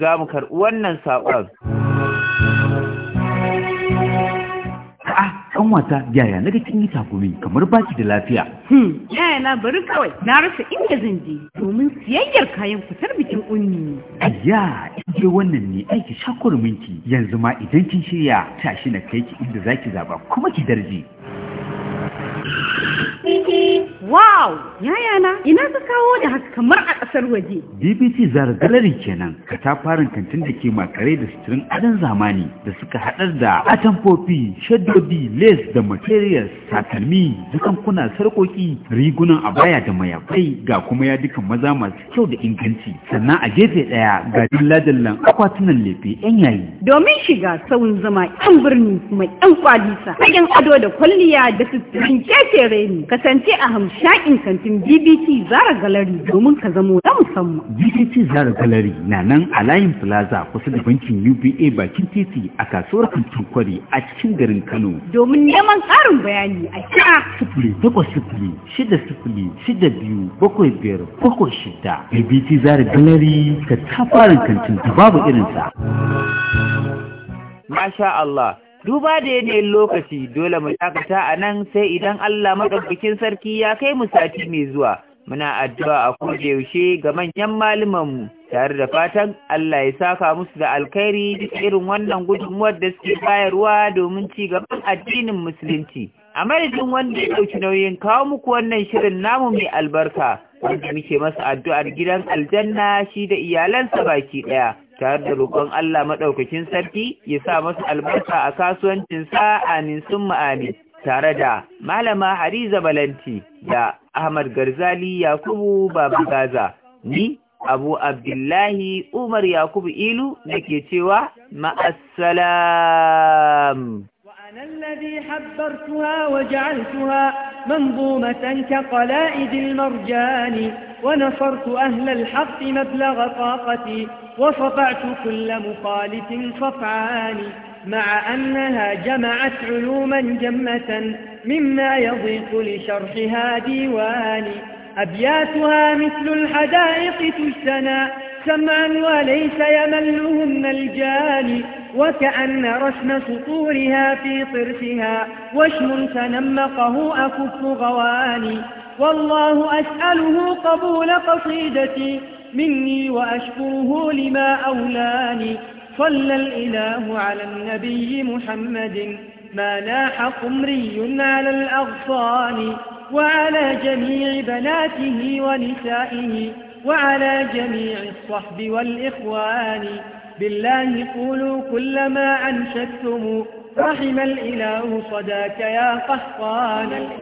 زامكر ونن mu kanwata yaya na ga kin yi takumi kamar baki da lafiya hmm, yaya na bari kawai na rasa inda zan je domin siyayyar kayan fitar bikin unni ayya je wannan ne aiki ki, yanzu ma idan kin shirya tashi na kai ki inda zaki zaba kuma ki darje Wow! yana? ina ka kawo da haka kamar a ƙasar waje. BBC Zara Gallery kenan, ka ta farin kantin da ke makare da suturin adon zamani da suka haɗar da atamfofi, shaddodi, lace da materials, takalmi, dukankuna, sarƙoƙi, rigunan abaya da mayafai ga kuma ya dukan maza masu kyau da inganci. Sannan a gefe ɗaya ga dilladillan akwatunan lefe ƴan yayi. Domin shiga sauyin zama 'yan birni mai 'yan kwalisa, 'yan ado da kwalliya da suturin kekere ne, kasance a hamsin. sha'in kantin bbc zara galari domin ka zamo na musamman bbc zara galari na nan a layin plaza kusa da bankin uba bakin titi a kasuwar kantin kwari a cikin garin kano domin neman ƙarin bayani a kira sifili takwas sifili shida sifili shida biyu bakwai biyar bakwai shida bbc zara galari ka tafarin kantin da babu irinsa Masha Allah duba da yanayin lokaci dole mu dakata a nan sai idan Allah maɗaukakin sarki ya kai mu sati mai zuwa muna addu'a a koda yaushe ga manyan malumanmu tare da fatan Allah ya saka musu da alkhairi duk irin wannan gudunmuwar da suke bayarwa domin ci gaban addinin musulunci a madadin wanda ya ɗauki nauyin kawo muku wannan shirin namu mai albarka wanda muke masa addu'ar gidan aljanna shi da iyalansa baki ɗaya tare da roƙon Allah maɗaukakin sarki ya sa masa albarka a kasuwancinsa amin sun ma'amin tare da malama Hadiza Balanti da Ahmad Garzali Yakubu Baba Gaza ni Abu Abdullahi Umar Yakubu Ilu nake cewa ma'assalam وأنا الذي حبرتها وجعلتها منظومة كقلائد المرجان ونصرت أهل الحق مبلغ طاقتي وصفعت كل مخالف صفعاني مع أنها جمعت علوما جمة مما يضيق لشرحها ديواني أبياتها مثل الحدائق تجتنى سمعا وليس يملهن الجاني وكأن رسم سطورها في طرفها وشم تنمقه أكف غواني والله أسأله قبول قصيدتي مني وأشكره لما أولاني صلى الإله على النبي محمد ما لاح قمري على الأغصان وعلى جميع بناته ونسائه وعلى جميع الصحب والإخوان بالله قولوا كل ما أنشدتم رحم الإله صداك يا قحطان